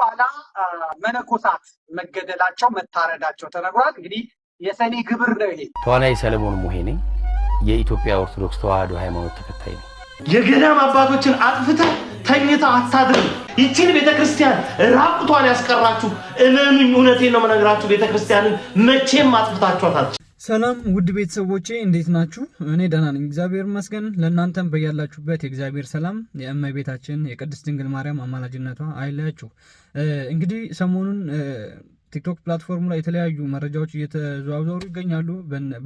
በኋላ መነኮሳት መገደላቸው መታረዳቸው ተነግሯል። እንግዲህ የሰኔ ግብር ነው ይሄ። ተዋናይ ሰለሞን ሙሄ ነኝ። የኢትዮጵያ ኦርቶዶክስ ተዋህዶ ሃይማኖት ተከታይ ነው። የገዳም አባቶችን አጥፍታ ተኝታ አታድር። ይችን ቤተክርስቲያን ራቁቷን ያስቀራችሁ እመኑኝ፣ እውነቴን ነው የምነግራችሁ። ቤተክርስቲያንን መቼም አጥፍታችኋታል። ሰላም ውድ ቤተሰቦቼ እንዴት ናችሁ? እኔ ደህና ነኝ፣ እግዚአብሔር ይመስገን። ለእናንተም በያላችሁበት የእግዚአብሔር ሰላም የእመቤታችን የቅድስት ድንግል ማርያም አማላጅነቷ አይለያችሁ። እንግዲህ ሰሞኑን ቲክቶክ ፕላትፎርሙ ላይ የተለያዩ መረጃዎች እየተዘዋወሩ ይገኛሉ።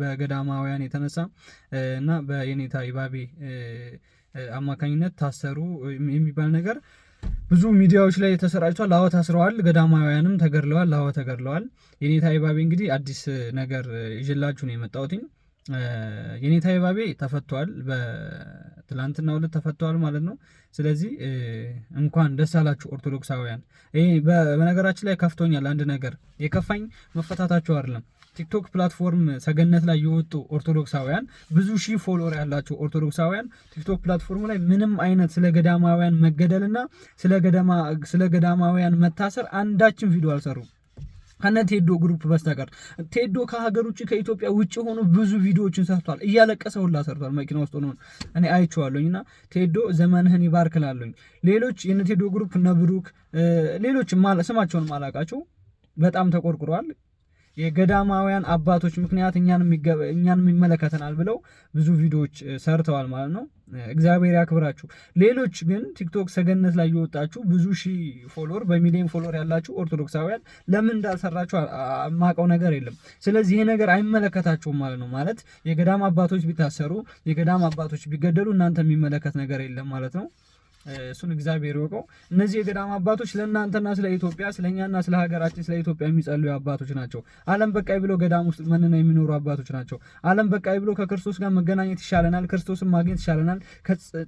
በገዳማውያን የተነሳ እና በየኔታ ይባቤ አማካኝነት ታሰሩ የሚባል ነገር ብዙ ሚዲያዎች ላይ ተሰራጭቷል። ላዋ ታስረዋል፣ ገዳማውያንም ተገድለዋል፣ ላዋ ተገድለዋል። የኔታ ይባቤ እንግዲህ አዲስ ነገር ይዤላችሁ ነው የመጣሁትኝ። የኔታ ይባቤ ተፈቷል፣ በትላንትና ሁለት ተፈቷል ማለት ነው። ስለዚህ እንኳን ደስ አላችሁ ኦርቶዶክሳውያን። በነገራችን ላይ ከፍቶኛል። አንድ ነገር የከፋኝ መፈታታቸው አይደለም ቲክቶክ ፕላትፎርም ሰገነት ላይ የወጡ ኦርቶዶክሳውያን ብዙ ሺህ ፎሎወር ያላቸው ኦርቶዶክሳውያን ቲክቶክ ፕላትፎርም ላይ ምንም አይነት ስለ ገዳማውያን መገደልና ስለ ገዳማውያን መታሰር አንዳችን ቪዲዮ አልሰሩም። ከነ ቴዶ ግሩፕ በስተቀር ቴዶ ከሀገር ውጭ ከኢትዮጵያ ውጭ ሆኖ ብዙ ቪዲዮዎችን ሰርቷል። እያለቀሰ ሁላ ሰርቷል። መኪና ውስጥ ሆኖ እኔ አይቼዋለሁኝ። እና ቴዶ ዘመንህን ይባርክ ሌሎች የነ ቴዶ ግሩፕ እነ ብሩክ ሌሎች ስማቸውን ማላቃቸው በጣም ተቆርቁረዋል። የገዳማውያን አባቶች ምክንያት እኛንም ይመለከተናል ብለው ብዙ ቪዲዮዎች ሰርተዋል ማለት ነው። እግዚአብሔር ያክብራችሁ። ሌሎች ግን ቲክቶክ ሰገነት ላይ የወጣችሁ ብዙ ሺህ ፎሎወር በሚሊዮን ፎሎወር ያላችሁ ኦርቶዶክሳውያን ለምን እንዳልሰራችሁ ማቀው ነገር የለም። ስለዚህ ይሄ ነገር አይመለከታችሁም ማለት ነው። ማለት የገዳም አባቶች ቢታሰሩ፣ የገዳም አባቶች ቢገደሉ እናንተ የሚመለከት ነገር የለም ማለት ነው። እሱን እግዚአብሔር ይወቀው። እነዚህ የገዳም አባቶች ለእናንተና ስለ ኢትዮጵያ ስለ እኛና ስለ ሀገራችን ስለ ኢትዮጵያ የሚጸልዩ አባቶች ናቸው። ዓለም በቃይ ብሎ ገዳም ውስጥ መንነው የሚኖሩ አባቶች ናቸው። ዓለም በቃይ ብሎ ከክርስቶስ ጋር መገናኘት ይሻለናል፣ ክርስቶስን ማግኘት ይሻለናል፣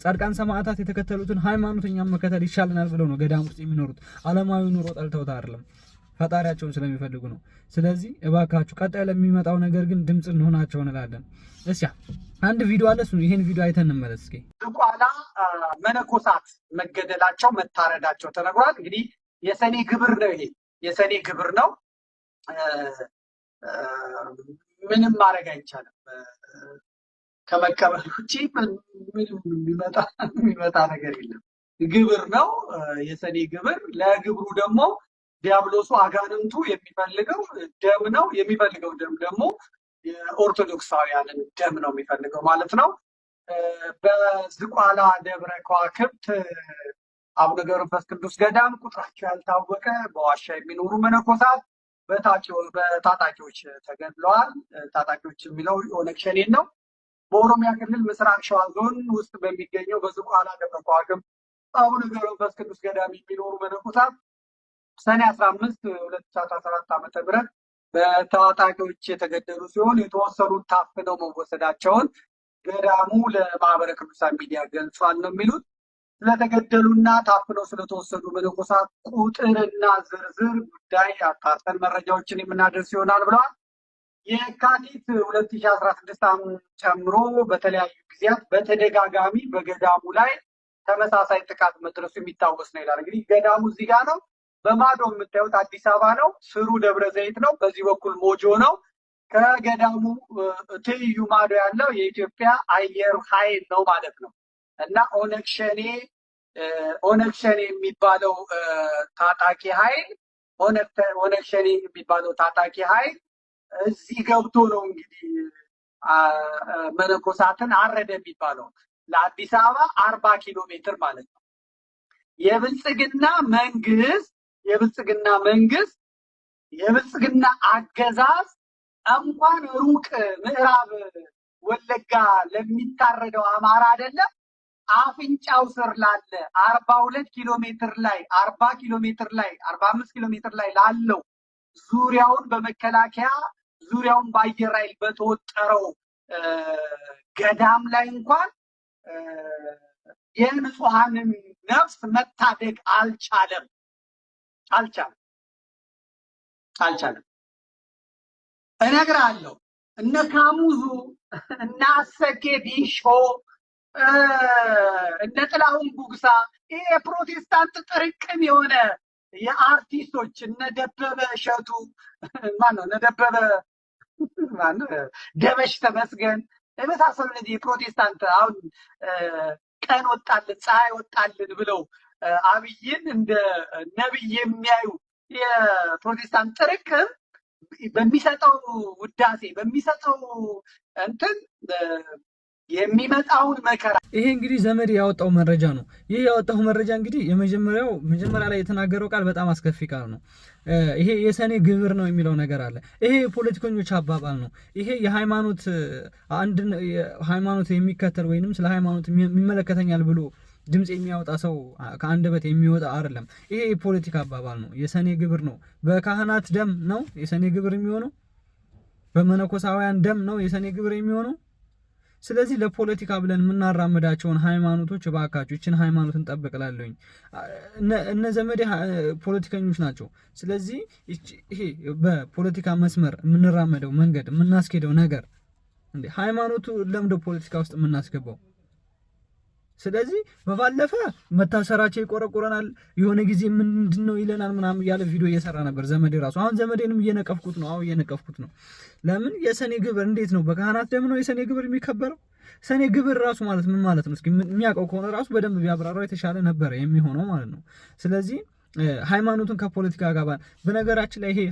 ጻድቃን ሰማዕታት የተከተሉትን ሃይማኖት እኛም መከተል ይሻለናል ብለው ነው ገዳም ውስጥ የሚኖሩት። ዓለማዊ ኑሮ ጠልተውት አይደለም። ፈጣሪያቸውን ስለሚፈልጉ ነው። ስለዚህ እባካችሁ ቀጣይ ለሚመጣው ነገር ግን ድምፅ እንሆናቸው እንላለን። እስያ አንድ ቪዲዮ አለ፣ እሱን ይህን ቪዲዮ አይተን እንመለስ እስኪ። መነኮሳት መገደላቸው መታረዳቸው ተነግሯል። እንግዲህ የሰኔ ግብር ነው ይሄ የሰኔ ግብር ነው። ምንም ማድረግ አይቻልም። ከመቀበል ውጭ ምንም የሚመጣ ነገር የለም። ግብር ነው የሰኔ ግብር። ለግብሩ ደግሞ ዲያብሎሱ አጋንንቱ የሚፈልገው ደም ነው። የሚፈልገው ደም ደግሞ የኦርቶዶክሳውያንን ደም ነው የሚፈልገው ማለት ነው። በዝቋላ ደብረ ከዋክብት አቡነ ገብረ መንፈስ ቅዱስ ገዳም ቁጥራቸው ያልታወቀ በዋሻ የሚኖሩ መነኮሳት በታጣቂዎች ተገድለዋል። ታጣቂዎች የሚለው ኦነግ ሸኔን ነው። በኦሮሚያ ክልል ምስራቅ ሸዋ ዞን ውስጥ በሚገኘው በዝቋላ ደብረ ከዋክብት አቡነ ገብረ መንፈስ ቅዱስ ገዳም የሚኖሩ መነኮሳት ሰኔ 15 2017 ም በታጣቂዎች የተገደሉ ሲሆን የተወሰኑት ታፍነው መወሰዳቸውን ገዳሙ ለማህበረ ቅዱሳን ሚዲያ ገልጿል ነው የሚሉት። ስለተገደሉና ታፍነው ስለተወሰዱ መነኮሳት ቁጥርና ዝርዝር ጉዳይ አጣርተን መረጃዎችን የምናደርስ ይሆናል ብለዋል። የካቲት 2016 ጨምሮ በተለያዩ ጊዜያት በተደጋጋሚ በገዳሙ ላይ ተመሳሳይ ጥቃት መድረሱ የሚታወስ ነው ይላል። እንግዲህ ገዳሙ እዚህ ጋር ነው በማዶ የምታዩት አዲስ አበባ ነው። ስሩ ደብረ ዘይት ነው። በዚህ በኩል ሞጆ ነው። ከገዳሙ ትይዩ ማዶ ያለው የኢትዮጵያ አየር ኃይል ነው ማለት ነው እና ኦነግ ሸኔ ኦነግ ሸኔ የሚባለው ታጣቂ ኃይል ኦነግ ሸኔ የሚባለው ታጣቂ ኃይል እዚህ ገብቶ ነው እንግዲህ መነኮሳትን አረደ የሚባለው ለአዲስ አበባ አርባ ኪሎ ሜትር ማለት ነው። የብልጽግና መንግስት የብልጽግና መንግስት የብልጽግና አገዛዝ እንኳን ሩቅ ምዕራብ ወለጋ ለሚታረደው አማራ አይደለም አፍንጫው ስር ላለ አርባ ሁለት ኪሎ ሜትር ላይ አርባ ኪሎ ሜትር ላይ አርባ አምስት ኪሎ ሜትር ላይ ላለው ዙሪያውን በመከላከያ ዙሪያውን በአየር ኃይል በተወጠረው ገዳም ላይ እንኳን የንጹሐንን ነፍስ መታደግ አልቻለም። አልቻለም አልቻለም። እነግርሃለሁ እነ ካሙዙ እነ አሰኬ ቢሾ እነ ጥላሁን ጉግሳ ይሄ የፕሮቴስታንት ጥርቅም የሆነ የአርቲስቶች እነ ደበበ እሸቱ ማነው እነ ደበበ ደበሽ ተመስገን የመሳሰሉ እነዚህ የፕሮቴስታንት አሁን ቀን ወጣልን ፀሐይ ወጣልን ብለው አብይን እንደ ነቢይ የሚያዩ የፕሮቴስታንት ጥርቅም በሚሰጠው ውዳሴ በሚሰጠው እንትን የሚመጣውን መከራ ይሄ እንግዲህ ዘመድ ያወጣው መረጃ ነው። ይህ ያወጣው መረጃ እንግዲህ የመጀመሪያው መጀመሪያ ላይ የተናገረው ቃል በጣም አስከፊ ቃል ነው። ይሄ የሰኔ ግብር ነው የሚለው ነገር አለ። ይሄ የፖለቲከኞች አባባል ነው። ይሄ የሃይማኖት አንድ ሃይማኖት የሚከተል ወይንም ስለ ሃይማኖት ይመለከተኛል ብሎ ድምፅ የሚያወጣ ሰው ከአንደበት የሚወጣ አይደለም። ይሄ የፖለቲካ አባባል ነው፣ የሰኔ ግብር ነው። በካህናት ደም ነው የሰኔ ግብር የሚሆነው፣ በመነኮሳውያን ደም ነው የሰኔ ግብር የሚሆነው። ስለዚህ ለፖለቲካ ብለን የምናራምዳቸውን ሃይማኖቶች እባካችሁ ይችን ሃይማኖት እንጠብቅላለኝ። እነ ዘመዴ ፖለቲከኞች ናቸው። ስለዚህ ይሄ በፖለቲካ መስመር የምንራመደው መንገድ የምናስኬደው ነገር ሃይማኖቱ ለምደ ፖለቲካ ውስጥ የምናስገባው ስለዚህ በባለፈ መታሰራቸው ይቆረቁረናል፣ የሆነ ጊዜ ምንድን ነው ይለናል ምናምን እያለ ቪዲዮ እየሰራ ነበር ዘመዴ ራሱ። አሁን ዘመዴንም እየነቀፍኩት ነው። አሁን እየነቀፍኩት ነው። ለምን የሰኔ ግብር እንዴት ነው? በካህናት ደም ነው የሰኔ ግብር የሚከበረው። ሰኔ ግብር ራሱ ማለት ምን ማለት ነው? እስኪ የሚያውቀው ከሆነ ራሱ በደንብ ቢያብራራው የተሻለ ነበረ የሚሆነው ማለት ነው። ስለዚህ ሃይማኖቱን ከፖለቲካ ጋር በነገራችን ላይ ይሄ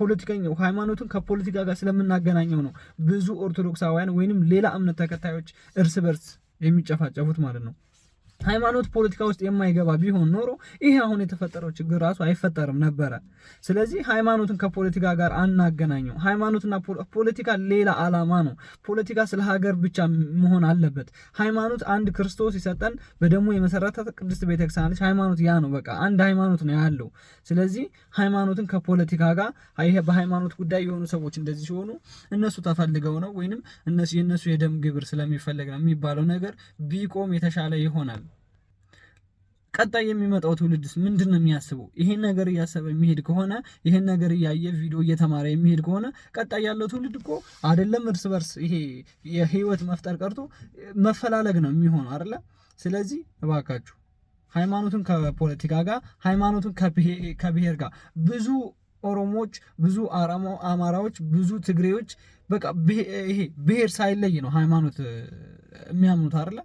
ፖለቲከኛው ሃይማኖቱን ከፖለቲካ ጋር ስለምናገናኘው ነው ብዙ ኦርቶዶክሳውያን ወይንም ሌላ እምነት ተከታዮች እርስ በርስ የሚጨፋጨፉት ማለት ነው። ሃይማኖት ፖለቲካ ውስጥ የማይገባ ቢሆን ኖሮ ይሄ አሁን የተፈጠረው ችግር ራሱ አይፈጠርም ነበረ። ስለዚህ ሃይማኖትን ከፖለቲካ ጋር አናገናኘው። ሃይማኖትና ፖለቲካ ሌላ ዓላማ ነው። ፖለቲካ ስለ ሀገር ብቻ መሆን አለበት። ሃይማኖት አንድ ክርስቶስ ይሰጠን በደሞ የመሰረተ ቅድስት ቤተክርስቲያን ነች። ሃይማኖት ያ ነው፣ በቃ አንድ ሃይማኖት ነው ያለው። ስለዚህ ሃይማኖትን ከፖለቲካ ጋር ይሄ በሃይማኖት ጉዳይ የሆኑ ሰዎች እንደዚህ ሲሆኑ እነሱ ተፈልገው ነው ወይንም እነሱ የእነሱ የደም ግብር ስለሚፈለግ ነው የሚባለው ነገር ቢቆም የተሻለ ይሆናል። ቀጣይ የሚመጣው ትውልድስ ምንድን ነው የሚያስበው? ይሄን ነገር እያሰበ የሚሄድ ከሆነ ይሄን ነገር እያየ ቪዲዮ እየተማረ የሚሄድ ከሆነ ቀጣይ ያለው ትውልድ እኮ አይደለም እርስ በርስ ይሄ የህይወት መፍጠር ቀርቶ መፈላለግ ነው የሚሆነው አይደለ? ስለዚህ እባካችሁ ሃይማኖቱን ከፖለቲካ ጋር፣ ሃይማኖቱን ከብሔር ጋር ብዙ ኦሮሞዎች ብዙ አማራዎች ብዙ ትግሬዎች በቃ ይሄ ብሔር ሳይለይ ነው ሃይማኖት የሚያምኑት አይደለ?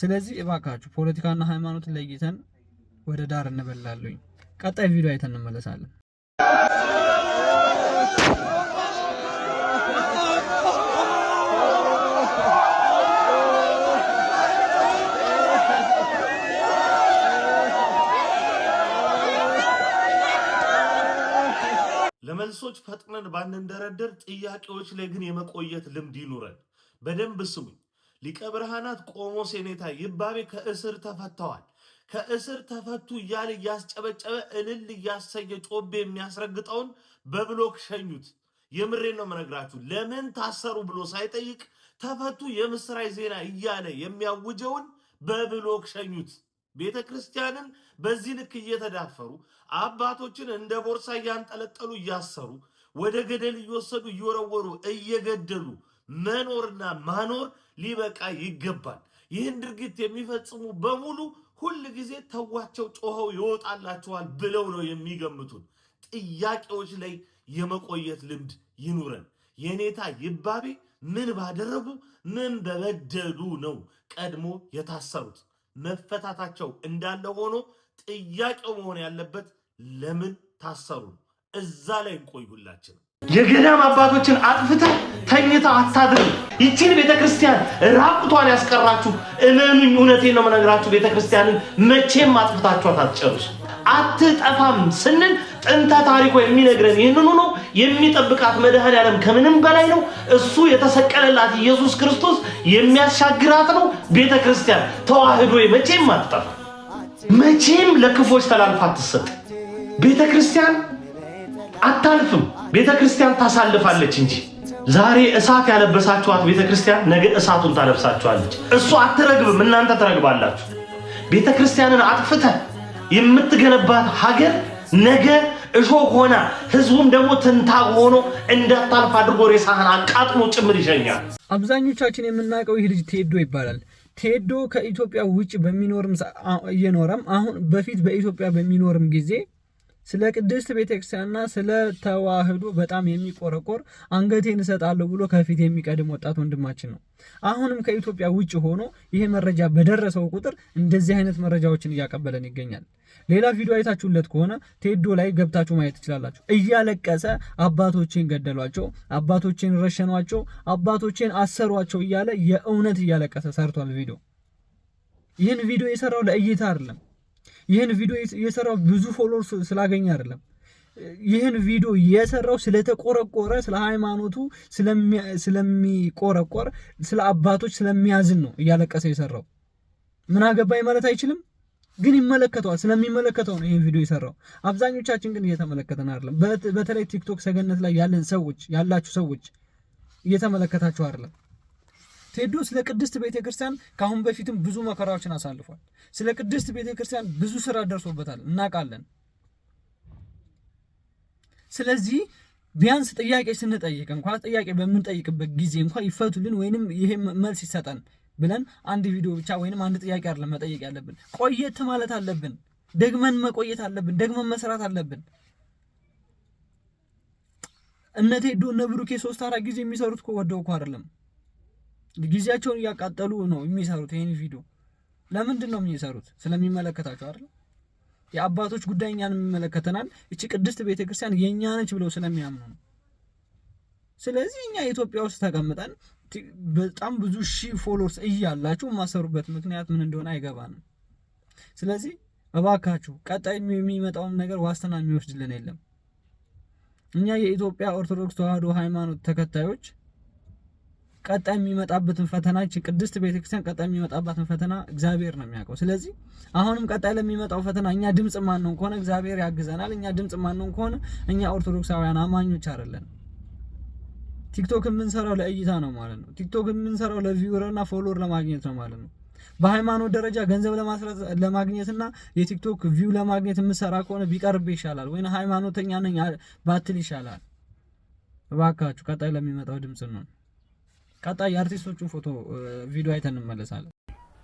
ስለዚህ እባካችሁ ፖለቲካና ሃይማኖት ለይተን ወደ ዳር እንበላለኝ። ቀጣይ ቪዲዮ አይተን እንመለሳለን። ለመልሶች ፈጥነን ባንንደረደር፣ ጥያቄዎች ላይ ግን የመቆየት ልምድ ይኑረን። በደንብ ስሙኝ። ሊቀ ብርሃናት ቆሞስ የኔታ ይባቤ ከእስር ተፈተዋል። ከእስር ተፈቱ እያለ እያስጨበጨበ እልል እያሰየ ጮቤ የሚያስረግጠውን በብሎክ ሸኙት። የምሬን ነው የምነግራችሁ። ለምን ታሰሩ ብሎ ሳይጠይቅ ተፈቱ የምስራች ዜና እያለ የሚያውጀውን በብሎክ ሸኙት። ቤተ ክርስቲያንን በዚህ ልክ እየተዳፈሩ አባቶችን እንደ ቦርሳ እያንጠለጠሉ እያሰሩ ወደ ገደል እየወሰዱ እየወረወሩ እየገደሉ መኖርና ማኖር ሊበቃ ይገባል። ይህን ድርጊት የሚፈጽሙ በሙሉ ሁል ጊዜ ተዋቸው፣ ጮኸው ይወጣላቸዋል ብለው ነው የሚገምቱን። ጥያቄዎች ላይ የመቆየት ልምድ ይኑረን። የኔታ ይባቤ ምን ባደረጉ ምን በበደሉ ነው ቀድሞ የታሰሩት? መፈታታቸው እንዳለ ሆኖ ጥያቄው መሆን ያለበት ለምን ታሰሩ? እዛ ላይ እንቆይ ሁላችን። የገዳም አባቶችን አጥፍታ ተኝታ አታድርም። ይችን ቤተክርስቲያን ራቁቷን ያስቀራችሁ እመኑኝ፣ እውነቴን ነው መነግራችሁ። ቤተክርስቲያንን መቼም አጥፍታችኋት አትጨርሱ። አትጠፋም ስንል ጥንተ ታሪኮ የሚነግረን ይህንኑ ነው። የሚጠብቃት መድኃኔ ዓለም ከምንም በላይ ነው። እሱ የተሰቀለላት ኢየሱስ ክርስቶስ የሚያሻግራት ነው። ክርስቲያን ተዋህዶ መቼም አትጠፋ፣ መቼም ለክፎች ተላልፋ አትሰጥ ክርስቲያን አታልፍም። ቤተ ክርስቲያን ታሳልፋለች እንጂ ዛሬ እሳት ያለበሳችኋት ቤተ ክርስቲያን ነገ እሳቱን ታለብሳችኋለች። እሱ አትረግብም፣ እናንተ ትረግባላችሁ። ቤተ ክርስቲያንን አጥፍተ የምትገነባት ሀገር ነገ እሾህ ሆና ህዝቡም ደግሞ ትንታግ ሆኖ እንዳታልፍ አድርጎ ሬሳህን አቃጥሎ ጭምር ይሸኛል። አብዛኞቻችን የምናውቀው ይህ ልጅ ቴዶ ይባላል። ቴዶ ከኢትዮጵያ ውጭ በሚኖርም እየኖረም አሁን በፊት በኢትዮጵያ በሚኖርም ጊዜ ስለ ቅድስት ቤተክርስቲያንና ስለ ተዋህዶ በጣም የሚቆረቆር አንገቴን እሰጣለሁ ብሎ ከፊት የሚቀድም ወጣት ወንድማችን ነው። አሁንም ከኢትዮጵያ ውጭ ሆኖ ይሄ መረጃ በደረሰው ቁጥር እንደዚህ አይነት መረጃዎችን እያቀበለን ይገኛል። ሌላ ቪዲዮ አይታችሁለት ከሆነ ቴዶ ላይ ገብታችሁ ማየት ትችላላችሁ። እያለቀሰ አባቶቼን ገደሏቸው፣ አባቶቼን ረሸኗቸው፣ አባቶቼን አሰሯቸው እያለ የእውነት እያለቀሰ ሰርቷል ቪዲዮ። ይህን ቪዲዮ የሰራው ለእይታ አይደለም ይህን ቪዲዮ የሰራው ብዙ ፎሎወር ስላገኘ አይደለም። ይህን ቪዲዮ የሰራው ስለተቆረቆረ፣ ስለ ሃይማኖቱ ስለሚቆረቆር፣ ስለ አባቶች ስለሚያዝን ነው እያለቀሰ የሰራው። ምን አገባኝ ማለት አይችልም፣ ግን ይመለከተዋል። ስለሚመለከተው ነው ይህን ቪዲዮ የሰራው። አብዛኞቻችን ግን እየተመለከተን አይደለም። በተለይ ቲክቶክ ሰገነት ላይ ያለን ሰዎች ያላችሁ ሰዎች እየተመለከታችሁ አይደለም። ቴዶ ስለ ቅድስት ቤተ ክርስቲያን ከአሁን በፊትም ብዙ መከራዎችን አሳልፏል። ስለ ቅድስት ቤተ ክርስቲያን ብዙ ስራ ደርሶበታል፣ እናውቃለን። ስለዚህ ቢያንስ ጥያቄ ስንጠይቅ እንኳ ጥያቄ በምንጠይቅበት ጊዜ እንኳ ይፈቱልን ወይንም ይሄ መልስ ይሰጠን ብለን አንድ ቪዲዮ ብቻ ወይንም አንድ ጥያቄ አይደለም መጠየቅ ያለብን፣ ቆየት ማለት አለብን። ደግመን መቆየት አለብን። ደግመን መስራት አለብን። እነ ቴዶ እነ ብሩኬ ሶስት አራት ጊዜ የሚሰሩት ኮ ወደው እኮ አይደለም። ጊዜያቸውን እያቃጠሉ ነው የሚሰሩት። ይህን ቪዲዮ ለምንድን ነው የሚሰሩት? ስለሚመለከታቸው አይደል? የአባቶች ጉዳይ እኛን የሚመለከተናል፣ እቺ ቅድስት ቤተክርስቲያን የእኛ ነች ብለው ስለሚያምኑ ነው። ስለዚህ እኛ ኢትዮጵያ ውስጥ ተቀምጠን በጣም ብዙ ሺህ ፎሎርስ እያላችሁ የማሰሩበት ምክንያት ምን እንደሆነ አይገባንም። ስለዚህ እባካችሁ ቀጣይ የሚመጣውን ነገር ዋስትና የሚወስድልን የለም። እኛ የኢትዮጵያ ኦርቶዶክስ ተዋህዶ ሃይማኖት ተከታዮች ቀጣይ የሚመጣበትን ፈተናች ቅድስት ቤተክርስቲያን ቀጣይ የሚመጣባትን ፈተና እግዚአብሔር ነው የሚያውቀው። ስለዚህ አሁንም ቀጣይ ለሚመጣው ፈተና እኛ ድምፅ ማንሆን ከሆነ እግዚአብሔር ያግዘናል። እኛ ድምፅ ማንሆን ከሆነ እኛ ኦርቶዶክሳውያን አማኞች አይደለን። ቲክቶክ የምንሰራው ለእይታ ነው ማለት ነው። ቲክቶክ የምንሰራው ለቪውረር እና ፎሎወር ለማግኘት ነው ማለት ነው። በሃይማኖት ደረጃ ገንዘብ ለማግኘትና የቲክቶክ ቪው ለማግኘት የምሰራ ከሆነ ቢቀርብ ይሻላል፣ ወይ ሃይማኖተኛ ነኝ ባትል ይሻላል። እባካችሁ ቀጣይ ለሚመጣው ድምፅ ነው። ቀጣይ የአርቲስቶቹን ፎቶ ቪዲዮ አይተን እንመለሳለን።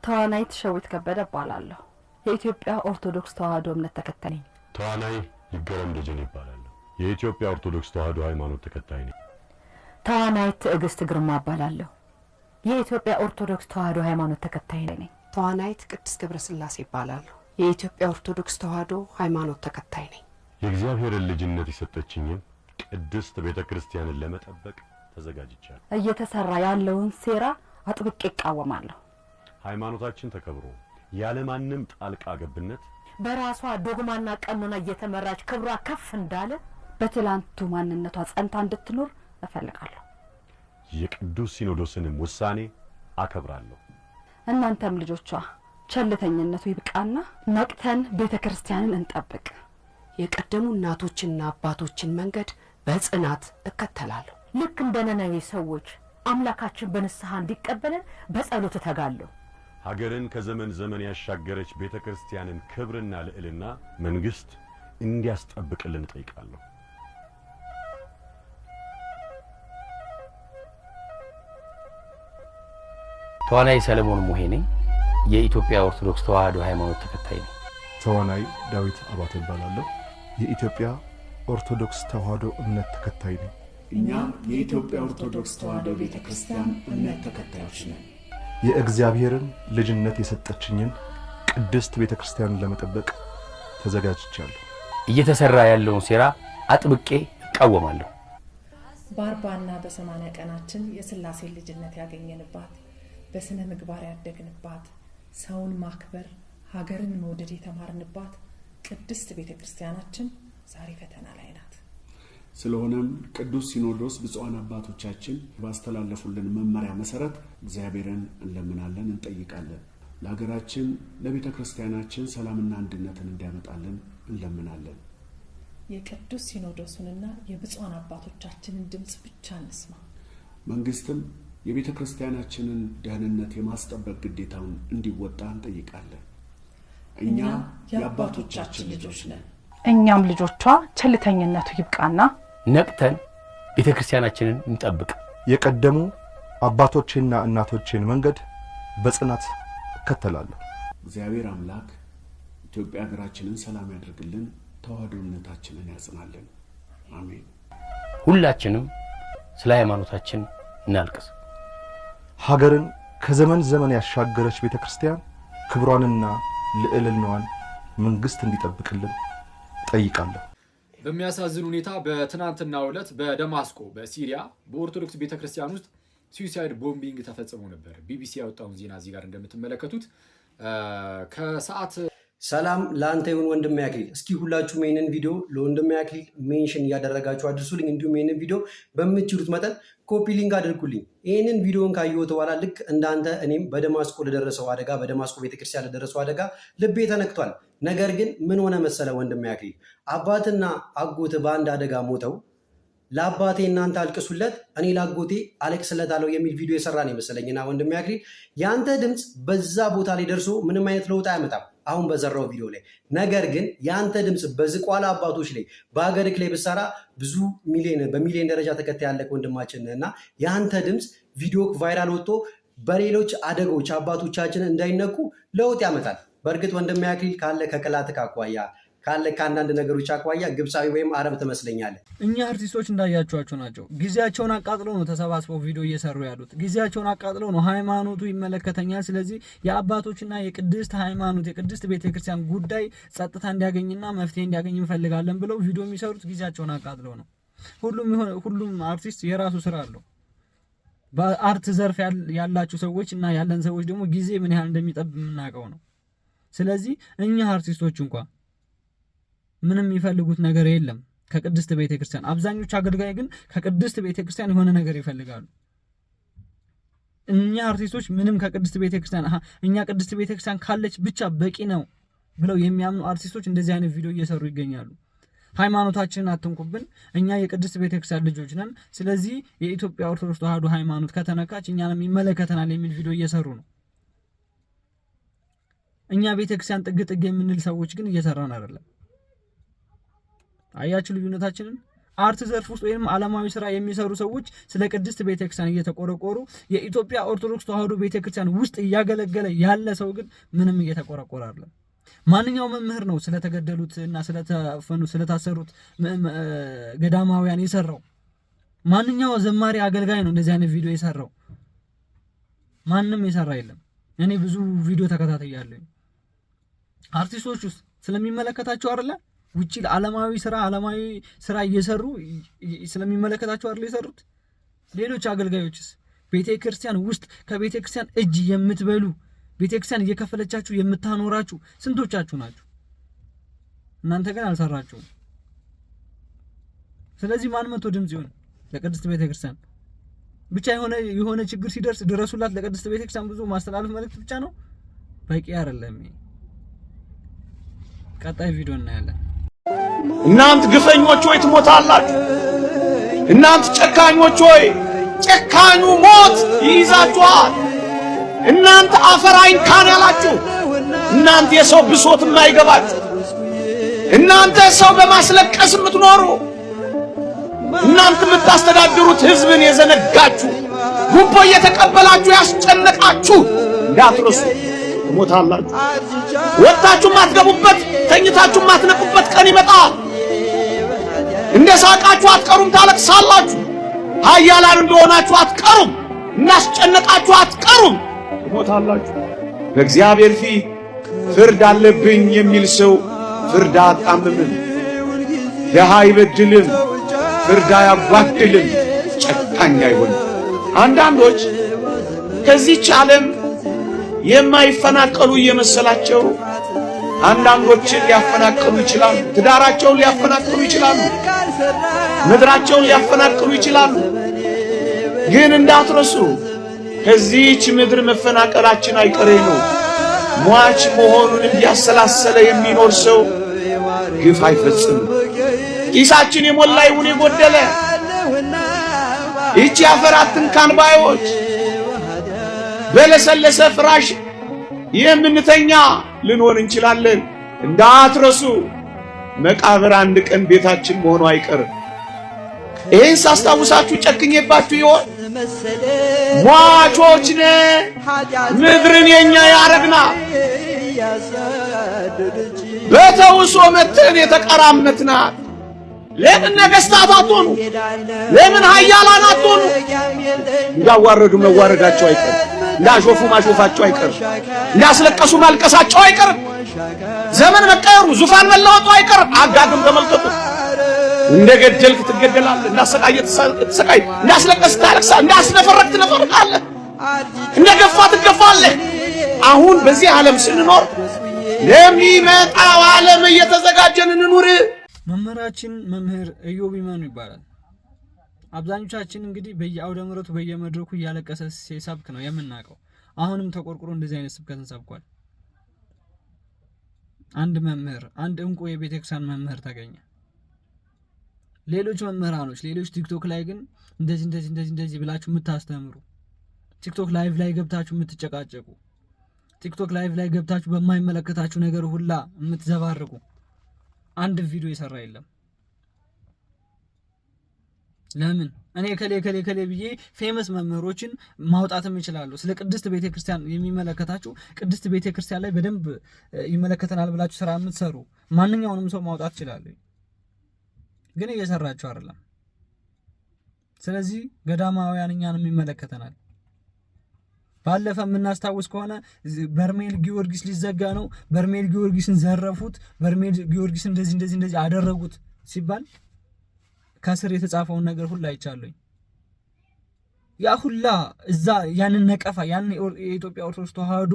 ተዋናይት ሸዊት ከበደ እባላለሁ። የኢትዮጵያ ኦርቶዶክስ ተዋህዶ እምነት ተከታይ ነኝ። ተዋናይ ይገረም ደጀን ይባላለሁ። የኢትዮጵያ ኦርቶዶክስ ተዋህዶ ሃይማኖት ተከታይ ነኝ። ተዋናይ ትዕግስት ግርማ እባላለሁ። የኢትዮጵያ ኦርቶዶክስ ተዋህዶ ሃይማኖት ተከታይ ነኝ። ተዋናይት ቅድስት ገብረስላሴ ይባላለሁ። የኢትዮጵያ ኦርቶዶክስ ተዋህዶ ሃይማኖት ተከታይ ነኝ። የእግዚአብሔርን ልጅነት የሰጠችኝን ቅድስት ቤተ ክርስቲያንን ለመጠበቅ ተዘጋጅቻለሁ። እየተሰራ ያለውን ሴራ አጥብቄ እቃወማለሁ። ሃይማኖታችን ተከብሮ ያለማንም ጣልቃ ገብነት በራሷ ዶግማና ቀኖና እየተመራች ክብሯ ከፍ እንዳለ በትላንቱ ማንነቷ ጸንታ እንድትኖር እፈልጋለሁ። የቅዱስ ሲኖዶስንም ውሳኔ አከብራለሁ። እናንተም ልጆቿ ቸልተኝነቱ ይብቃና ነቅተን ቤተ ክርስቲያንን እንጠብቅ። የቀደሙ እናቶችና አባቶችን መንገድ በጽናት እከተላለሁ። ልክ እንደ ነነዌ ሰዎች አምላካችን በንስሐ እንዲቀበለን በጸሎት እተጋለሁ። ሀገርን ከዘመን ዘመን ያሻገረች ቤተ ክርስቲያንን ክብርና ልዕልና መንግሥት እንዲያስጠብቅልን እጠይቃለሁ። ተዋናይ ሰለሞን ሙሄ ነኝ። የኢትዮጵያ ኦርቶዶክስ ተዋህዶ ሃይማኖት ተከታይ ነኝ። ተዋናይ ዳዊት አባተ እባላለሁ። የኢትዮጵያ ኦርቶዶክስ ተዋህዶ እምነት ተከታይ ነኝ። እኛ የኢትዮጵያ ኦርቶዶክስ ተዋሕዶ ቤተ ክርስቲያን እምነት ተከታዮች ነን። የእግዚአብሔርን ልጅነት የሰጠችኝን ቅድስት ቤተ ክርስቲያንን ለመጠበቅ ተዘጋጅቻለሁ። እየተሰራ ያለውን ሴራ አጥብቄ እቃወማለሁ። በአርባና በሰማንያ ቀናችን የስላሴ ልጅነት ያገኘንባት፣ በሥነ ምግባር ያደግንባት፣ ሰውን ማክበር ሀገርን መውደድ የተማርንባት ቅድስት ቤተ ክርስቲያናችን ዛሬ ፈተና ላይ ናት። ስለሆነም ቅዱስ ሲኖዶስ ብፁዓን አባቶቻችን ባስተላለፉልን መመሪያ መሰረት እግዚአብሔርን እንለምናለን፣ እንጠይቃለን። ለሀገራችን ለቤተ ክርስቲያናችን ሰላምና አንድነትን እንዲያመጣልን እንለምናለን። የቅዱስ ሲኖዶሱንና የብፁዓን አባቶቻችንን ድምፅ ብቻ እንስማ። መንግስትም የቤተ ክርስቲያናችንን ደህንነት የማስጠበቅ ግዴታውን እንዲወጣ እንጠይቃለን። እኛ የአባቶቻችን ልጆች ነን። እኛም ልጆቿ ቸልተኝነቱ ይብቃና ነቅተን ቤተ ክርስቲያናችንን እንጠብቅ። የቀደሙ አባቶችንና እናቶችን መንገድ በጽናት እከተላለሁ። እግዚአብሔር አምላክ ኢትዮጵያ ሀገራችንን ሰላም ያደርግልን፣ ተዋህዶነታችንን ያጽናልን። አሜን። ሁላችንም ስለ ሃይማኖታችን እናልቅስ። ሀገርን ከዘመን ዘመን ያሻገረች ቤተ ክርስቲያን ክብሯንና ልዕልናዋን መንግሥት እንዲጠብቅልን ጠይቃለሁ። በሚያሳዝን ሁኔታ በትናንትና ዕለት በደማስቆ በሲሪያ በኦርቶዶክስ ቤተክርስቲያን ውስጥ ሱሳይድ ቦምቢንግ ተፈጽሞ ነበር። ቢቢሲ ያወጣውን ዜና እዚህ ጋር እንደምትመለከቱት ከሰዓት ሰላም ለአንተ ይሁን ወንድም ያክሊል። እስኪ ሁላችሁም ይህንን ቪዲዮ ለወንድም ያክሊል ሜንሽን እያደረጋችሁ አድርሱልኝ። እንዲሁም ይህንን ቪዲዮ በምትችሉት መጠን ኮፒ ሊንክ አድርጉልኝ። ይህንን ቪዲዮን ካየሁት በኋላ ልክ እንዳንተ እኔም በደማስቆ ለደረሰው አደጋ በደማስቆ ቤተክርስቲያን ለደረሰው አደጋ ልቤ ተነክቷል። ነገር ግን ምን ሆነ መሰለ ወንድም ያክል አባትና አጎት በአንድ አደጋ ሞተው ለአባቴ እናንተ አልቅሱለት እኔ ለአጎቴ አለቅስለታለሁ የሚል ቪዲዮ የሰራ ነው የመሰለኝና ወንድም ያክል ያንተ ድምፅ በዛ ቦታ ላይ ደርሶ ምንም አይነት ለውጥ አያመጣም አሁን በዘራው ቪዲዮ ላይ ነገር ግን የአንተ ድምፅ በዝቋላ አባቶች ላይ በሀገርክ ላይ ብሰራ ብዙ ሚሊዮን በሚሊዮን ደረጃ ተከታይ ያለቅ ወንድማችን እና የአንተ ድምፅ ቪዲዮ ቫይራል ወጥቶ በሌሎች አደጎች አባቶቻችን እንዳይነኩ ለውጥ ያመጣል በእርግጥ ወንድሜ አክሊል ካለ ከቅላት አኳያ ካለ ከአንዳንድ ነገሮች አኳያ ግብፃዊ ወይም አረብ ትመስለኛለ እኛ አርቲስቶች እንዳያቸዋቸው ናቸው። ጊዜያቸውን አቃጥለው ነው ተሰባስበው ቪዲዮ እየሰሩ ያሉት። ጊዜያቸውን አቃጥለው ነው። ሃይማኖቱ ይመለከተኛል። ስለዚህ የአባቶችና የቅድስት ሃይማኖት የቅድስት ቤተክርስቲያን ጉዳይ ጸጥታ እንዲያገኝና መፍትሄ እንዲያገኝ እንፈልጋለን ብለው ቪዲዮ የሚሰሩት ጊዜያቸውን አቃጥለው ነው። ሁሉም ሁሉም አርቲስት የራሱ ስራ አለው። በአርት ዘርፍ ያላችሁ ሰዎች እና ያለን ሰዎች ደግሞ ጊዜ ምን ያህል እንደሚጠብ የምናውቀው ነው። ስለዚህ እኛ አርቲስቶች እንኳ ምንም የሚፈልጉት ነገር የለም ከቅድስት ቤተክርስቲያን። አብዛኞቹ አገልጋይ ግን ከቅድስት ቤተክርስቲያን የሆነ ነገር ይፈልጋሉ። እኛ አርቲስቶች ምንም ከቅድስት ቤተክርስቲያን እኛ ቅድስት ቤተክርስቲያን ካለች ብቻ በቂ ነው ብለው የሚያምኑ አርቲስቶች እንደዚህ አይነት ቪዲዮ እየሰሩ ይገኛሉ። ሃይማኖታችንን አትንኩብን፣ እኛ የቅድስት ቤተክርስቲያን ልጆች ነን። ስለዚህ የኢትዮጵያ ኦርቶዶክስ ተዋህዶ ሃይማኖት ከተነካች እኛንም ይመለከተናል የሚል ቪዲዮ እየሰሩ ነው። እኛ ቤተክርስቲያን ጥግ ጥግ የምንል ሰዎች ግን እየሰራን አይደለም። አያችሁ ልዩነታችንን። አርት ዘርፍ ውስጥ ወይም ዓለማዊ ስራ የሚሰሩ ሰዎች ስለ ቅድስት ቤተክርስቲያን እየተቆረቆሩ፣ የኢትዮጵያ ኦርቶዶክስ ተዋህዶ ቤተክርስቲያን ውስጥ እያገለገለ ያለ ሰው ግን ምንም እየተቆረቆረ አይደለም። ማንኛው መምህር ነው ስለተገደሉት እና ስለተፈኑ ስለታሰሩት ገዳማውያን የሰራው? ማንኛው ዘማሪ አገልጋይ ነው እንደዚህ አይነት ቪዲዮ የሰራው? ማንም የሰራ የለም። እኔ ብዙ ቪዲዮ ተከታተያለሁ። አርቲስቶች ውስጥ ስለሚመለከታቸው አይደለ ውጭ ለዓለማዊ ስራ ዓለማዊ ስራ እየሰሩ ስለሚመለከታቸው አይደለ የሰሩት። ሌሎች አገልጋዮችስ ቤተ ክርስቲያን ውስጥ ከቤተ ክርስቲያን እጅ የምትበሉ ቤተ ክርስቲያን እየከፈለቻችሁ የምታኖራችሁ ስንቶቻችሁ ናችሁ? እናንተ ግን አልሰራችሁም። ስለዚህ ማን መቶ ድምፅ ይሆን ለቅድስት ቤተ ክርስቲያን? ብቻ የሆነ የሆነ ችግር ሲደርስ ድረሱላት ለቅድስት ቤተ ክርስቲያን ብዙ ማስተላለፍ መልእክት ብቻ ነው በቂ አይደለም። ቀጣይ ቪዲዮ እናያለን። እናንት ግፈኞች ሆይ ትሞታላችሁ። እናንት ጨካኞች ሆይ ጨካኙ ሞት ይይዛችኋል። እናንተ አፈር አይንካን ያላችሁ፣ እናንተ የሰው ብሶት የማይገባችሁ፣ እናንተ ሰው በማስለቀስ የምትኖሩ፣ እናንተ የምታስተዳድሩት ህዝብን የዘነጋችሁ፣ ጉቦ እየተቀበላችሁ ያስጨነቃችሁ እንዳትረሱ ትሞታላችሁ። ወጥታችሁ ማትገቡበት ተኝታችሁ ማትነቁበት ቀን ይመጣል። እንደ ሳቃችሁ አትቀሩም፣ ታለቅሳላችሁ። ኃያላን እንደሆናችሁ አትቀሩም፣ እናስጨነቃችሁ አትቀሩም፣ ትሞታላችሁ። በእግዚአብሔር ፊት ፍርድ አለብኝ የሚል ሰው ፍርድ አያጣምምም፣ ደሃ አይበድልም፣ ፍርድ አያጓድልም፣ ጨካኝ አይሆንም። አንዳንዶች ከዚህች ዓለም የማይፈናቀሉ እየመሰላቸው አንዳንዶችን ሊያፈናቅሉ ይችላሉ። ትዳራቸውን ሊያፈናቅሉ ይችላሉ። ምድራቸውን ሊያፈናቅሉ ይችላሉ። ግን እንዳትረሱ ከዚህች ምድር መፈናቀላችን አይቀሬ ነው። ሟች መሆኑን እንዲያሰላሰለ የሚኖር ሰው ግፍ አይፈጽም። ኪሳችን የሞላ ይሁን የጎደለ ይቺ አፈራትን ካንባዮች በለሰለሰ ፍራሽ የምንተኛ ልንሆን እንችላለን። እንዳትረሱ መቃብር አንድ ቀን ቤታችን መሆኑ አይቀርም። ይህን ሳስታውሳችሁ ጨክኜባችሁ ይሆን? ሟቾች ነ ምድርን የኛ ያረግና በተውሶ መተን የተቀራመትናት ለምን ነገስታት አትሆኑ? ለምን ኃያላን አትሆኑ? እንዳዋረዱ መዋረዳቸው አይቀርም። እንዳሾፉ ማሾፋቸው አይቀርም፣ እንዳስለቀሱ ማልቀሳቸው አይቀርም፣ ዘመን መቀየሩ ዙፋን መለወጡ አይቀርም። አጋግም ተመልከቱ። እንደ ገደልክ ትገደላለህ፣ እንዳሰቃየ ትሰቃይ፣ እንዳስለቀስ ታለቅሳ፣ እንዳስነፈረክ ትነፈርካለህ፣ እንደ ገፋ ትገፋለህ። አሁን በዚህ ዓለም ስንኖር ለሚመጣው ዓለም እየተዘጋጀን እንኑር። መምህራችን መምህር ኢዮብ ይማኑ ይባላል። አብዛኞቻችን እንግዲህ በየአውደ ምረቱ በየመድረኩ እያለቀሰ ሲሰብክ ነው የምናውቀው። አሁንም ተቆርቁሮ እንደዚህ አይነት ስብከትን ሰብኳል። አንድ መምህር አንድ እንቁ የቤተክርስቲያን መምህር ተገኘ። ሌሎች መምህራኖች ሌሎች ቲክቶክ ላይ ግን እንደዚህ እንደዚህ እንደዚህ እንደዚህ ብላችሁ የምታስተምሩ ቲክቶክ ላይቭ ላይ ገብታችሁ የምትጨቃጨቁ ቲክቶክ ላይቭ ላይ ገብታችሁ በማይመለከታችሁ ነገር ሁላ የምትዘባርቁ አንድ ቪዲዮ የሰራ የለም። ለምን እኔ ከሌ ከሌ ከሌ ብዬ ፌመስ መምህሮችን ማውጣትም እችላለሁ። ስለ ቅድስት ቤተክርስቲያን የሚመለከታችሁ ቅድስት ቤተክርስቲያን ላይ በደንብ ይመለከተናል ብላችሁ ስራ የምትሰሩ ማንኛውንም ሰው ማውጣት እችላለሁ፣ ግን እየሰራችሁ አይደለም። ስለዚህ ገዳማውያን እኛንም ይመለከተናል። ባለፈ የምናስታውስ ከሆነ በርሜል ጊዮርጊስ ሊዘጋ ነው፣ በርሜል ጊዮርጊስን ዘረፉት፣ በርሜል ጊዮርጊስ እንደዚህ እንደዚህ እንደዚህ አደረጉት ሲባል ከስር የተጻፈውን ነገር ሁላ አይቻለኝ። ያ ሁላ እዛ ያንን ነቀፋ ያንን የኢትዮጵያ ኦርቶዶክስ ተዋህዶ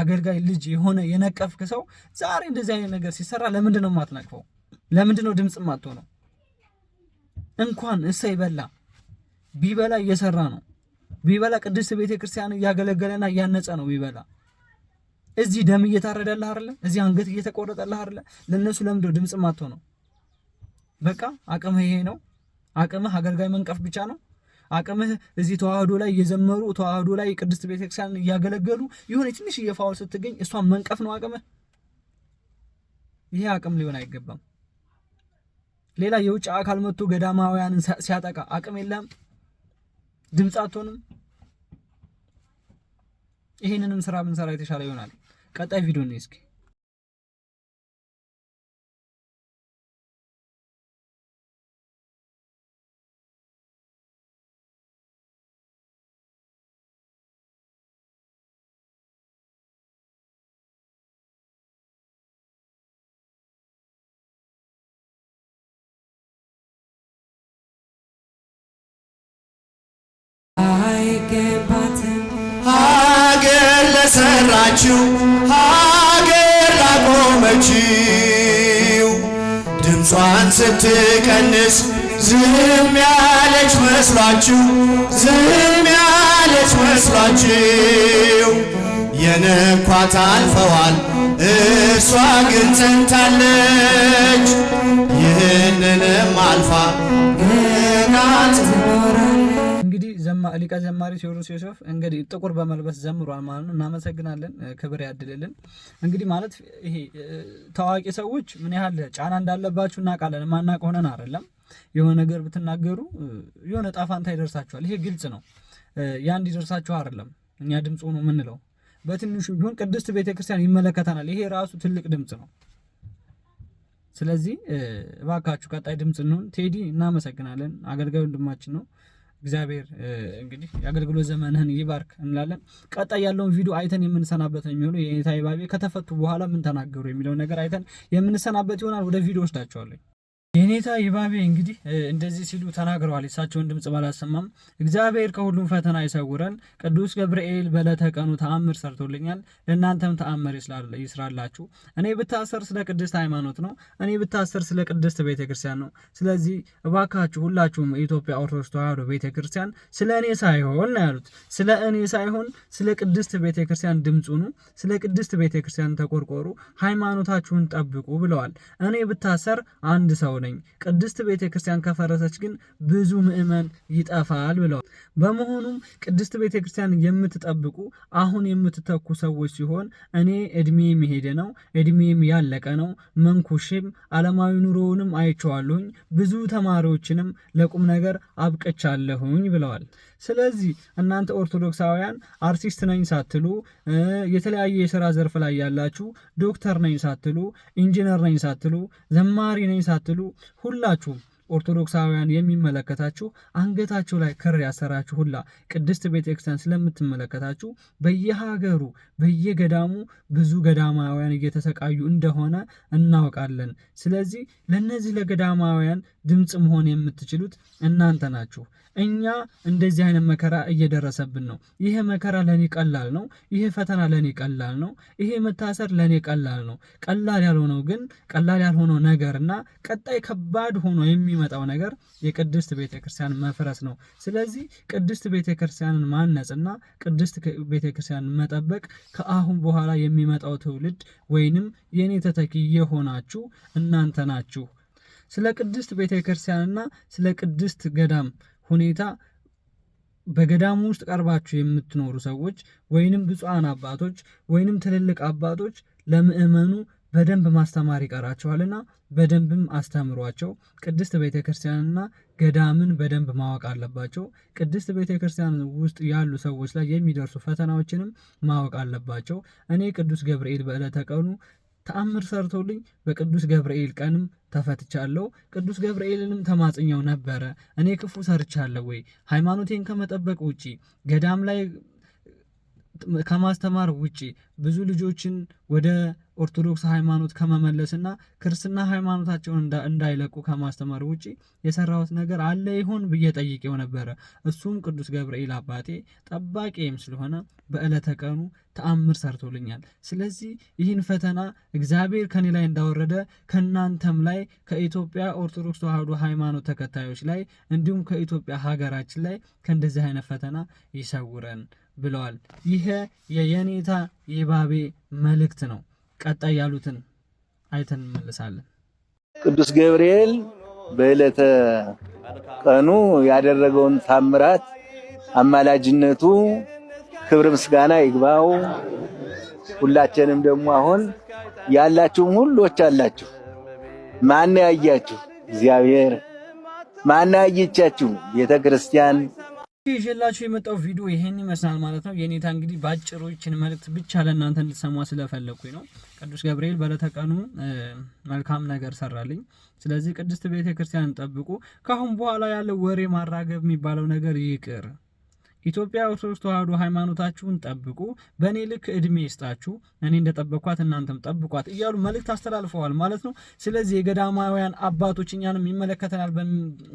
አገልጋይ ልጅ የሆነ የነቀፍክ ሰው ዛሬ እንደዚህ አይነት ነገር ሲሰራ ለምንድን ነው የማትነቅፈው? ለምንድን ነው ድምፅ ነው? እንኳን እሰይ በላ ቢበላ እየሰራ ነው። ቢበላ ቅድስት ቤተ ክርስቲያን እያገለገለና እያነጸ ነው። ቢበላ እዚህ ደም እየታረደልህ አይደለ? እዚህ አንገት እየተቆረጠልህ አይደለ? ለእነሱ ለምንድን ነው ድምፅ ነው። በቃ አቅምህ ይሄ ነው። አቅምህ አገልጋይ መንቀፍ ብቻ ነው። አቅምህ እዚህ ተዋህዶ ላይ እየዘመሩ ተዋህዶ ላይ ቅድስት ቤተክርስቲያን እያገለገሉ የሆነ ትንሽ እየፋወል ስትገኝ እሷን መንቀፍ ነው አቅምህ። ይሄ አቅም ሊሆን አይገባም። ሌላ የውጭ አካል መጥቶ ገዳማውያንን ሲያጠቃ አቅም የለም፣ ድምፅ አትሆንም። ይህንንም ስራ ብንሰራ የተሻለ ይሆናል። ቀጣይ ቪዲዮ ነው እስኪ ላቆማችሁ ሀገር ላቆመችው ድምጿን ስትቀንስ ዝም ያለች መስሏችሁ ዝም ያለች መስሏችሁ የነኳት አልፈዋል እሷ ግን ጸንታለች ይህንንም አልፋ ገና ትኖረ ሊቀ ዘማሪ ቴዎድሮስ ዮሴፍ እንግዲህ ጥቁር በመልበስ ዘምሯል ማለት ነው። እናመሰግናለን። ክብር ያድልልን። እንግዲህ ማለት ይሄ ታዋቂ ሰዎች ምን ያህል ጫና እንዳለባችሁ እናውቃለን። ማናቅ ሆነን አይደለም። የሆነ ነገር ብትናገሩ የሆነ ጣፋንታ ይደርሳችኋል። ይሄ ግልጽ ነው። ያ እንዲደርሳችሁ አይደለም እኛ ድምፅ ሆኖ የምንለው በትንሹ ቢሆን ቅድስት ቤተክርስቲያን ይመለከተናል። ይሄ ራሱ ትልቅ ድምፅ ነው። ስለዚህ እባካችሁ ቀጣይ ድምፅ እንሆን። ቴዲ እናመሰግናለን። አገልጋይ ወንድማችን ነው። እግዚአብሔር እንግዲህ የአገልግሎት ዘመንህን ይባርክ እንላለን። ቀጣይ ያለውን ቪዲዮ አይተን የምንሰናበት ነው የሚሆነው። የኔታ ይባቤ ከተፈቱ በኋላ ምን ተናገሩ የሚለው ነገር አይተን የምንሰናበት ይሆናል። ወደ ቪዲዮ ወስዳቸዋለሁ። የኔታ ይባቤ እንግዲህ እንደዚህ ሲሉ ተናግረዋል። የሳቸውን ድምፅ ባላሰማም እግዚአብሔር ከሁሉም ፈተና ይሰውረን። ቅዱስ ገብርኤል በዕለተ ቀኑ ተአምር ሰርቶልኛል፣ ለእናንተም ተአምር ይስራላችሁ። እኔ ብታሰር ስለ ቅድስት ሃይማኖት ነው፣ እኔ ብታሰር ስለ ቅድስት ቤተክርስቲያን ነው። ስለዚህ እባካችሁ ሁላችሁም የኢትዮጵያ ኦርቶዶክስ ተዋሕዶ ቤተክርስቲያን ስለ እኔ ሳይሆን ነው ያሉት። ስለ እኔ ሳይሆን ስለ ቅድስት ቤተክርስቲያን ድምፁ ነው። ስለ ቅድስት ቤተክርስቲያን ተቆርቆሩ፣ ሃይማኖታችሁን ጠብቁ ብለዋል። እኔ ብታሰር አንድ ሰው ነኝ። ቅድስት ቤተ ክርስቲያን ከፈረሰች ግን ብዙ ምእመን ይጠፋል ብለዋል። በመሆኑም ቅድስት ቤተ ክርስቲያን የምትጠብቁ አሁን የምትተኩ ሰዎች ሲሆን እኔ እድሜም የሄደ ነው፣ እድሜም ያለቀ ነው። መንኩሽም ዓለማዊ ኑሮውንም አይቼዋለሁኝ። ብዙ ተማሪዎችንም ለቁም ነገር አብቅቻለሁኝ ብለዋል። ስለዚህ እናንተ ኦርቶዶክሳውያን አርቲስት ነኝ ሳትሉ የተለያየ የስራ ዘርፍ ላይ ያላችሁ ዶክተር ነኝ ሳትሉ ኢንጂነር ነኝ ሳትሉ ዘማሪ ነኝ ሳትሉ ሁላችሁም ኦርቶዶክሳውያን የሚመለከታችሁ አንገታችሁ ላይ ክር ያሰራችሁ ሁላ ቅድስት ቤተክርስቲያን ስለምትመለከታችሁ በየሀገሩ በየገዳሙ ብዙ ገዳማውያን እየተሰቃዩ እንደሆነ እናውቃለን። ስለዚህ ለእነዚህ ለገዳማውያን ድምፅ መሆን የምትችሉት እናንተ ናችሁ። እኛ እንደዚህ አይነት መከራ እየደረሰብን ነው። ይሄ መከራ ለእኔ ቀላል ነው። ይሄ ፈተና ለእኔ ቀላል ነው። ይሄ መታሰር ለእኔ ቀላል ነው። ቀላል ያልሆነው ግን ቀላል ያልሆነው ነገር እና ቀጣይ ከባድ ሆኖ የሚመጣው ነገር የቅድስት ቤተክርስቲያን መፍረስ ነው። ስለዚህ ቅድስት ቤተክርስቲያንን እና ቅድስት ቤተክርስቲያን መጠበቅ ከአሁን በኋላ የሚመጣው ትውልድ ወይንም የእኔ ተተኪ የሆናችሁ እናንተ ናችሁ። ስለ ቅድስት ቤተክርስቲያንና ስለ ቅድስት ገዳም ሁኔታ በገዳሙ ውስጥ ቀርባችሁ የምትኖሩ ሰዎች ወይንም ብፁዓን አባቶች ወይንም ትልልቅ አባቶች ለምእመኑ በደንብ ማስተማር ይቀራቸዋልና በደንብም አስተምሯቸው። ቅድስት ቤተ ክርስቲያንና ገዳምን በደንብ ማወቅ አለባቸው። ቅድስት ቤተ ክርስቲያን ውስጥ ያሉ ሰዎች ላይ የሚደርሱ ፈተናዎችንም ማወቅ አለባቸው። እኔ ቅዱስ ገብርኤል በዕለተ ቀኑ ተአምር ሰርቶልኝ በቅዱስ ገብርኤል ቀንም ተፈትቻለሁ። ቅዱስ ገብርኤልንም ተማጽኛው ነበረ። እኔ ክፉ ሰርቻለሁ ወይ ሃይማኖቴን ከመጠበቅ ውጪ ገዳም ላይ ከማስተማር ውጪ ብዙ ልጆችን ወደ ኦርቶዶክስ ሃይማኖት ከመመለስና ክርስትና ሃይማኖታቸውን እንዳይለቁ ከማስተማር ውጪ የሰራሁት ነገር አለ ይሆን ብዬ ጠይቄው ነበረ። እሱም ቅዱስ ገብርኤል አባቴ ጠባቂም ስለሆነ በዕለተ ቀኑ ተአምር ሰርቶልኛል። ስለዚህ ይህን ፈተና እግዚአብሔር ከኔ ላይ እንዳወረደ ከእናንተም ላይ ከኢትዮጵያ ኦርቶዶክስ ተዋህዶ ሃይማኖት ተከታዮች ላይ እንዲሁም ከኢትዮጵያ ሀገራችን ላይ ከእንደዚህ አይነት ፈተና ይሰውረን። ብለዋል። ይሄ የየኔታ የባቤ መልእክት ነው። ቀጣይ ያሉትን አይተን እንመልሳለን። ቅዱስ ገብርኤል በዕለተ ቀኑ ያደረገውን ታምራት አማላጅነቱ ክብር ምስጋና ይግባው። ሁላችንም ደግሞ አሁን ያላችሁም ሁሎች አላችሁ። ማን ያያችሁ? እግዚአብሔር። ማን ያየቻችሁ? ቤተ ክርስቲያን ይዤላችሁ የመጣው ቪዲዮ ይሄን ይመስላል ማለት ነው። የኔታ እንግዲህ ባጭሩ ይችን መልእክት ብቻ ለእናንተ እንድትሰማ ስለፈለኩኝ ነው። ቅዱስ ገብርኤል በለተቀኑ መልካም ነገር ሰራልኝ። ስለዚህ ቅድስት ቤተ ክርስቲያን ጠብቁ። ካሁን በኋላ ያለው ወሬ ማራገብ የሚባለው ነገር ይቅር። ኢትዮጵያ ኦርቶዶክስ ተዋሕዶ ሃይማኖታችሁን ጠብቁ፣ በእኔ ልክ እድሜ ይስጣችሁ፣ እኔ እንደጠበቅኳት እናንተም ጠብቋት እያሉ መልእክት አስተላልፈዋል ማለት ነው። ስለዚህ የገዳማውያን አባቶች እኛንም ይመለከተናል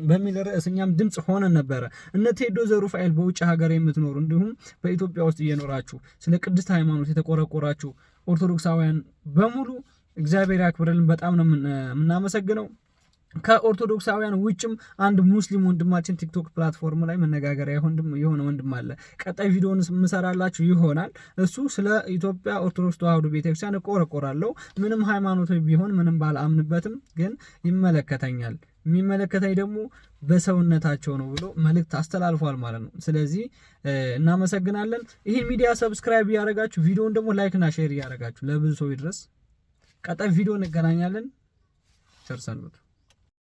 በሚል ርዕስ እኛም ድምፅ ሆነን ነበረ። እነ ቴዶ ዘሩፋኤል በውጭ ሀገር የምትኖሩ እንዲሁም በኢትዮጵያ ውስጥ እየኖራችሁ ስለ ቅድስት ሃይማኖት የተቆረቆራችሁ ኦርቶዶክሳውያን በሙሉ እግዚአብሔር ያክብርልን። በጣም ነው የምናመሰግነው። ከኦርቶዶክሳውያን ውጭም አንድ ሙስሊም ወንድማችን ቲክቶክ ፕላትፎርም ላይ መነጋገሪያ የሆነ ወንድም አለ። ቀጣይ ቪዲዮን ምሰራላችሁ ይሆናል። እሱ ስለ ኢትዮጵያ ኦርቶዶክስ ተዋህዶ ቤተክርስቲያን እቆረቆራለሁ። ምንም ሃይማኖታዊ ቢሆን ምንም ባላምንበትም፣ ግን ይመለከተኛል። የሚመለከተኝ ደግሞ በሰውነታቸው ነው ብሎ መልእክት አስተላልፏል ማለት ነው። ስለዚህ እናመሰግናለን። ይሄ ሚዲያ ሰብስክራይብ እያደረጋችሁ ቪዲዮን ደግሞ ላይክና ሼር እያደረጋችሁ ለብዙ ሰው ይድረስ። ቀጣይ ቪዲዮ እንገናኛለን። ቸር ሰንብቱ።